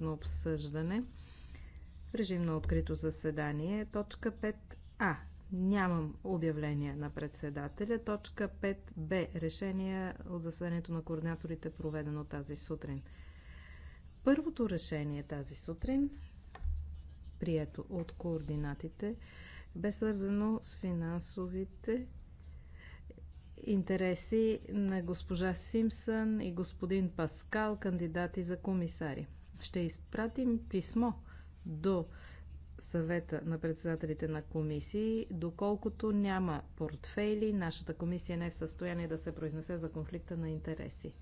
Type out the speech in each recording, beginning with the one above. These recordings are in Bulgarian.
на обсъждане. Режим на открито заседание. Точка 5а. Нямам обявление на председателя. Точка 5б. Решение от заседанието на координаторите, проведено тази сутрин. Първото решение тази сутрин, прието от координатите, бе свързано с финансовите интереси на госпожа Симсън и господин Паскал, кандидати за комисари ще изпратим писмо до съвета на председателите на комисии, доколкото няма портфейли, нашата комисия не е в състояние да се произнесе за конфликта на интереси.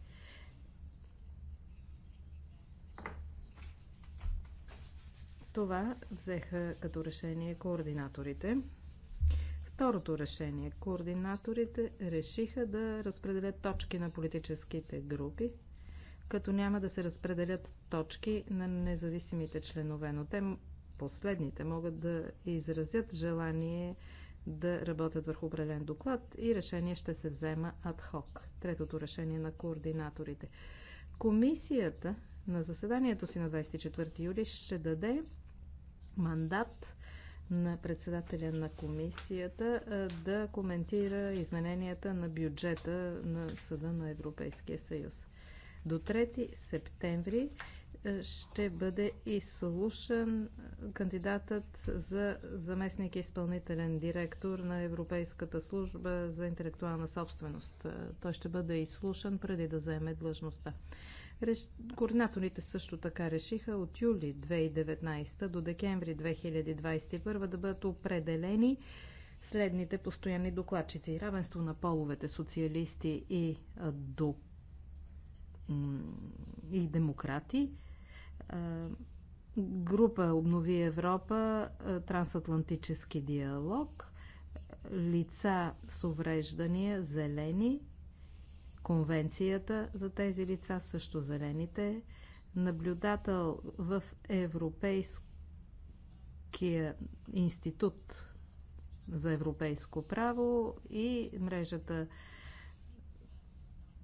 Това взеха като решение координаторите. Второто решение. Координаторите решиха да разпределят точки на политическите групи като няма да се разпределят точки на независимите членове, но те последните могат да изразят желание да работят върху определен доклад и решение ще се взема адхок. Третото решение на координаторите. Комисията на заседанието си на 24 юли ще даде мандат на председателя на комисията да коментира измененията на бюджета на Съда на Европейския съюз. До 3 септември е, ще бъде изслушан е, кандидатът за заместник изпълнителен директор на Европейската служба за интелектуална собственост. Е, той ще бъде изслушан преди да заеме длъжността. Реш... Координаторите също така решиха от юли 2019 до декември 2021 да бъдат определени следните постоянни докладчици. Равенство на половете, социалисти и до и демократи. Група Обнови Европа, трансатлантически диалог, лица с увреждания, зелени, конвенцията за тези лица, също зелените, наблюдател в Европейския институт за европейско право и мрежата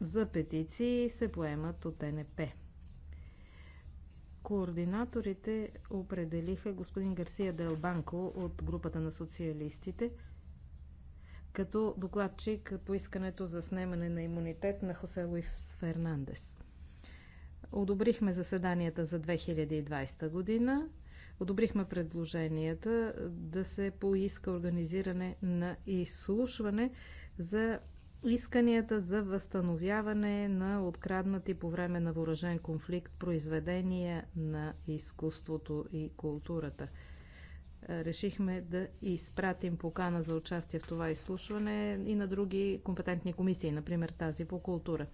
за петиции се поемат от НП. Координаторите определиха господин Гарсия Делбанко от групата на социалистите като докладчик по искането за снемане на имунитет на Хосе Луис Фернандес. Одобрихме заседанията за 2020 година. Одобрихме предложенията да се поиска организиране на изслушване за исканията за възстановяване на откраднати по време на въоръжен конфликт произведения на изкуството и културата. Е, решихме да изпратим покана за участие в това изслушване и на други компетентни комисии, например тази по култура.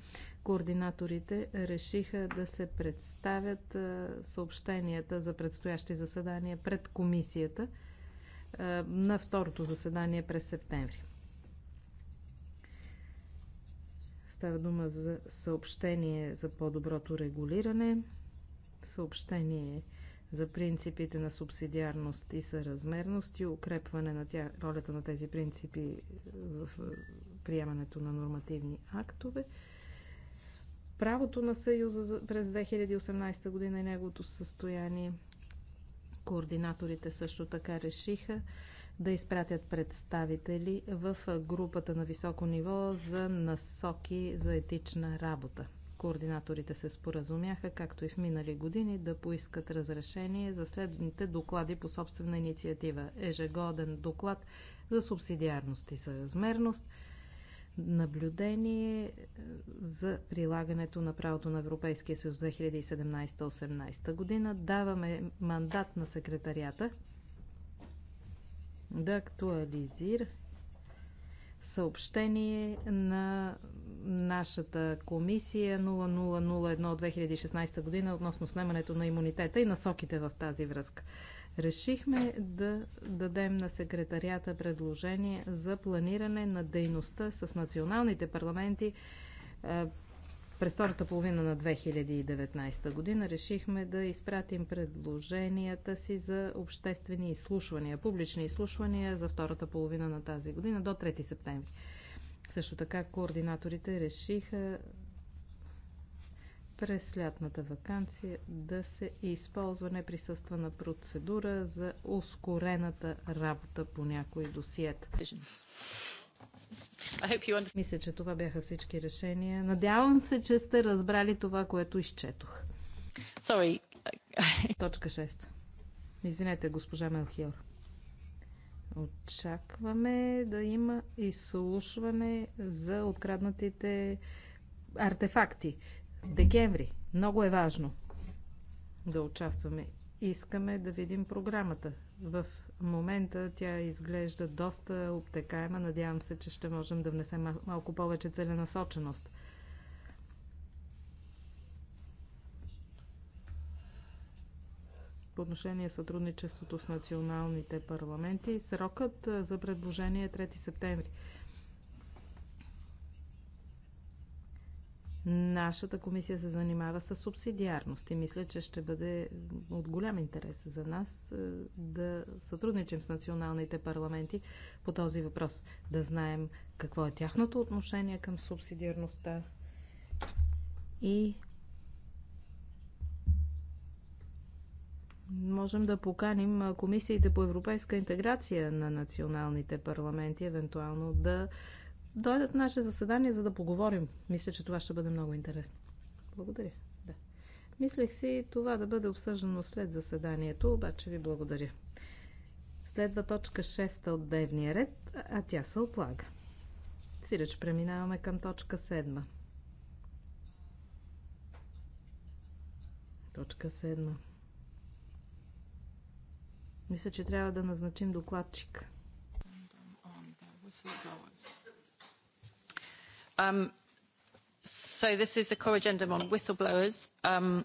Координаторите решиха да се представят е, съобщенията за предстоящи заседания пред комисията е, на второто заседание през септември. Става дума за съобщение за по-доброто регулиране, съобщение за принципите на субсидиарност и съразмерност и укрепване на тя, ролята на тези принципи в приемането на нормативни актове. Правото на Съюза през 2018 година и неговото състояние. Координаторите също така решиха да изпратят представители в групата на високо ниво за насоки за етична работа. Координаторите се споразумяха, както и в минали години, да поискат разрешение за следните доклади по собствена инициатива. Ежегоден доклад за субсидиарност и съразмерност, наблюдение е, за прилагането на правото на Европейския съюз 2017-18 година. Даваме мандат на секретарията да актуализира съобщение на нашата комисия 0001 2016 година относно снемането на имунитета и насоките в тази връзка. Решихме да дадем на секретарията предложение за планиране на дейността с националните парламенти през втората половина на 2019 година решихме да изпратим предложенията си за обществени изслушвания, публични изслушвания за втората половина на тази година до 3 септември. Също така координаторите решиха през лятната вакансия да се използва неприсъствана процедура за ускорената работа по някои досиета. Мисля, че това бяха всички решения. Надявам се, че сте разбрали това, което изчетох. Sorry. Точка 6. Извинете, госпожа Мелхиор. Очакваме да има изслушване за откраднатите артефакти. Декември. Много е важно да участваме Искаме да видим програмата. В момента тя изглежда доста обтекаема. Надявам се, че ще можем да внесем малко повече целенасоченост. по отношение сътрудничеството с националните парламенти. Срокът за предложение е 3 септември. Нашата комисия се занимава с субсидиарност и мисля, че ще бъде от голям интерес за нас е, да сътрудничим с националните парламенти по този въпрос. Да знаем какво е тяхното отношение към субсидиарността и можем да поканим комисиите по европейска интеграция на националните парламенти, евентуално да дойдат на наше заседание, за да поговорим. Мисля, че това ще бъде много интересно. Благодаря. Да. Мислех си това да бъде обсъждано след заседанието, обаче ви благодаря. Следва точка 6 от дневния ред, а тя се отлага. Сиреч преминаваме към точка 7. Точка 7. Мисля, че трябва да назначим докладчик. Um, so this is a core agenda on whistleblowers. Um,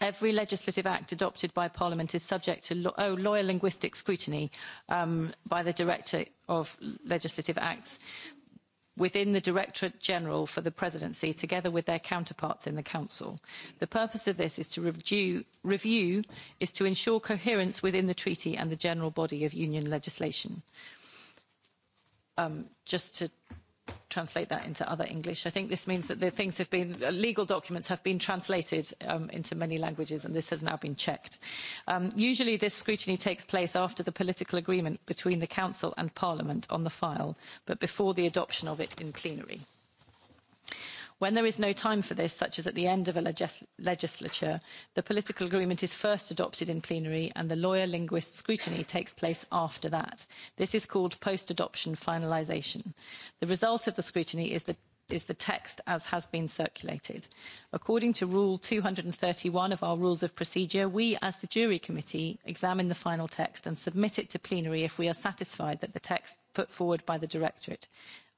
every legislative act adopted by Parliament is subject to lo oh, lawyer linguistic scrutiny um, by the Director of Legislative Acts within the Directorate General for the Presidency, together with their counterparts in the Council. The purpose of this is to review, review is to ensure coherence within the treaty and the general body of union legislation. Um, just to translate that into other English. I think this means that the things have been, legal documents have been translated um, into many languages and this has now been checked. Um, usually this scrutiny takes place after the political agreement between the Council and Parliament on the file, but before the adoption of it in plenary. When there is no time for this, such as at the end of a legis- legislature, the political agreement is first adopted in plenary and the lawyer-linguist scrutiny takes place after that. This is called post-adoption finalisation. The result of the scrutiny is the is the text as has been circulated. According to Rule 231 of our Rules of Procedure, we as the Jury Committee examine the final text and submit it to plenary if we are satisfied that the text put forward by the Directorate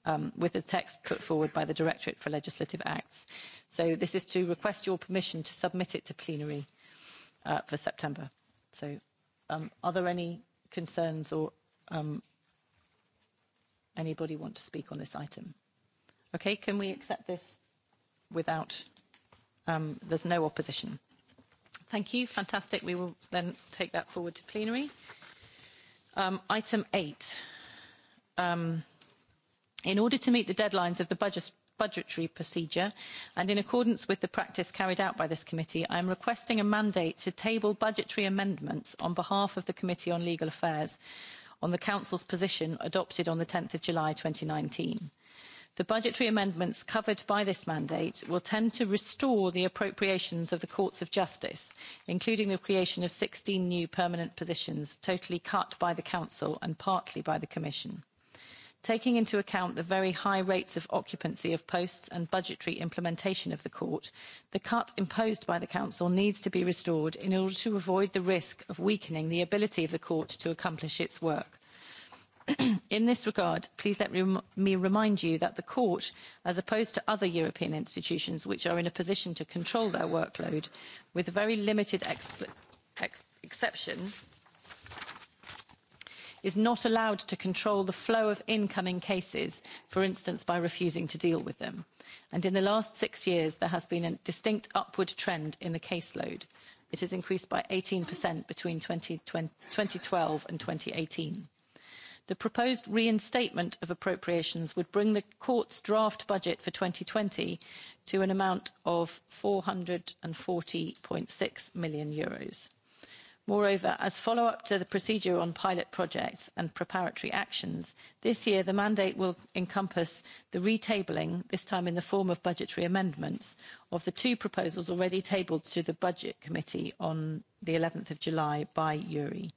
um, with the text put forward by the Directorate for Legislative Acts. So this is to request your permission to submit it to plenary uh, for September. So um, are there any concerns or um, anybody want to speak on this item? Okay, can we accept this without, um, there's no opposition? Thank you, fantastic. We will then take that forward to plenary. Um, item eight. Um, in order to meet the deadlines of the budget budgetary procedure and in accordance with the practice carried out by this committee i am requesting a mandate to table budgetary amendments on behalf of the committee on legal affairs on the council's position adopted on ten july. two thousand and nineteen the budgetary amendments covered by this mandate will tend to restore the appropriations of the courts of justice including the creation of sixteen new permanent positions totally cut by the council and partly by the commission taking into account the very high rates of occupancy of posts and budgetary implementation of the court the cut imposed by the council needs to be restored in order to avoid the risk of weakening the ability of the court to accomplish its work. in this regard please let me remind you that the court as opposed to other european institutions which are in a position to control their workload with a very limited exception is not allowed to control the flow of incoming cases, for instance, by refusing to deal with them. And in the last six years, there has been a distinct upward trend in the caseload. It has increased by 18% between 2012 and 2018. The proposed reinstatement of appropriations would bring the court's draft budget for 2020 to an amount of 440.6 million euros. Moreover, as follow-up to the procedure on pilot projects and preparatory actions, this year the mandate will encompass the retabling, this time in the form of budgetary amendments, of the two proposals already tabled to the Budget Committee on the 11th of July by URI.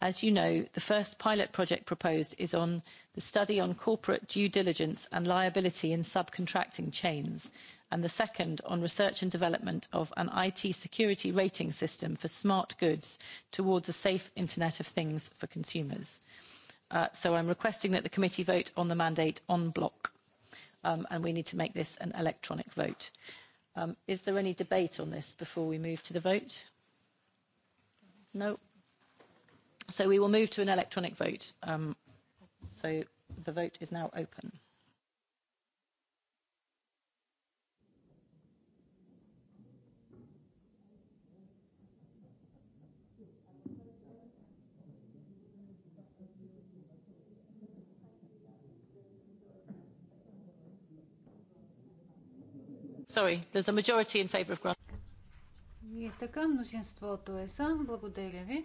As you know, the first pilot project proposed is on the study on corporate due diligence and liability in subcontracting chains, and the second on research and development of an IT security rating system for smart goods towards a safe Internet of Things for consumers. Uh, so I'm requesting that the committee vote on the mandate on block, um, and we need to make this an electronic vote. Um, is there any debate on this before we move to the vote? No. So we will move to an electronic vote. Um, so the vote is now open. Sorry, there's a majority in favor of grant. И така мнозинството е за. Благодаря ви.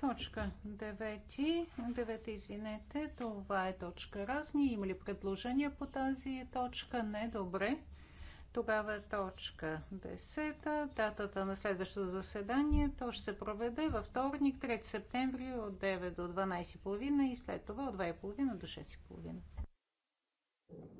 Точка 9. 9, извинете, това е точка разни. Има ли предложения по тази точка? Не, добре. Тогава е точка 10. Датата на следващото заседание то ще се проведе във вторник, 3 септември от 9 до 12.30 и след това от 2.30 до 6.30.